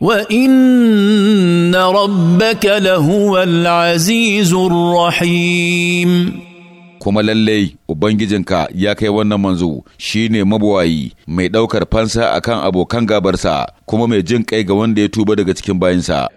وان ربك لهو العزيز الرحيم kuma lallai ubangijinka ya kai wannan manzo shine mabuwayi mai ɗaukar fansa akan abokan gabarsa kuma mai jin kai ga wanda ya tuba daga cikin bayinsa